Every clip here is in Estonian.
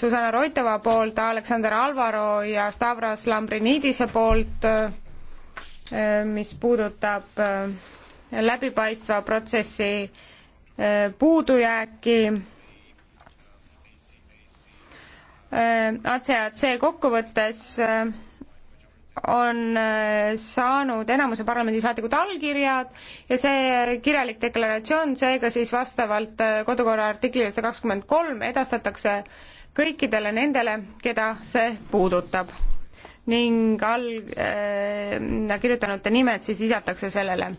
Susanna Roitova poolt, Aleksander Alvaro ja Stavros Lambrinidise poolt, eh, mis puudutab eh, läbipaistva protsessi eh, puudujääki. ACAC kokkuvõttes on saanud enamuse parlamendisaadikud allkirjad ja see kirjalik deklaratsioon seega siis vastavalt kodukorra artiklile sada kakskümmend kolm edastatakse kõikidele nendele, keda see puudutab ning all äh, kirjutanute nimed siis lisatakse sellele.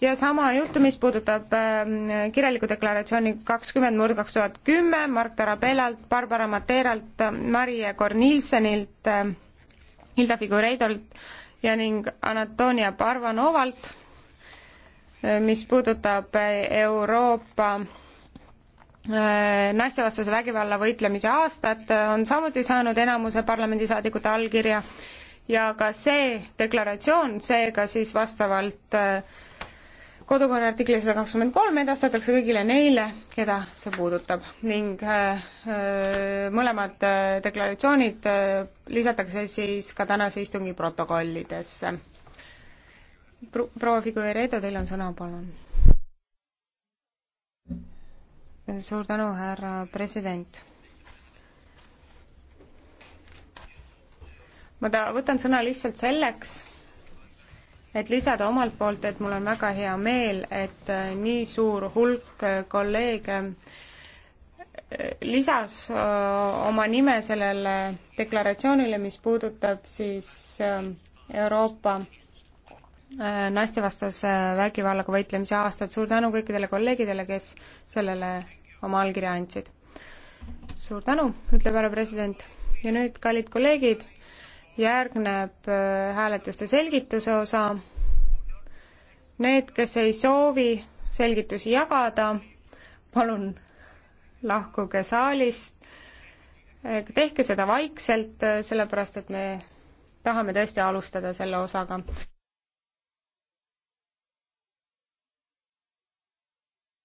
ja sama juttu, mis puudutab äh, kirjaliku deklaratsiooni kakskümmend murd kaks tuhat kümme Mark Tarabellalt, Barbara Materalt, Marie Kornilsenilt äh,, Hilda Figureidolt ja ning Anatolia Parvanovalt, äh, mis puudutab äh, Euroopa äh, Äh, naistevastase vägivalla võitlemise aastat, äh, on samuti saanud enamuse parlamendisaadikute allkirja ja ka see deklaratsioon seega siis vastavalt äh, kodukorra artikli sada kakskümmend kolm edastatakse kõigile neile, keda see puudutab ning mõlemad deklaratsioonid lisatakse siis ka tänase istungi protokollidesse. proua Figueredo, teil on sõna, palun suur tänu, härra president. ma ta-, võtan sõna lihtsalt selleks, et lisada omalt poolt, et mul on väga hea meel, et äh, nii suur hulk äh, kolleege äh, lisas oma nime sellele deklaratsioonile, mis puudutab siis Euroopa naistevastase vägivallaga võitlemise aastat. suur tänu kõikidele kolleegidele, kes sellele oma allkirja andsid. suur tänu, ütleb härra president. ja nüüd, kallid kolleegid, järgneb äh, hääletuste selgituse osa. Need, kes ei soovi selgitusi jagada, palun lahkuge saalist. Äh, tehke seda vaikselt, äh, sellepärast et me tahame tõesti alustada selle osaga.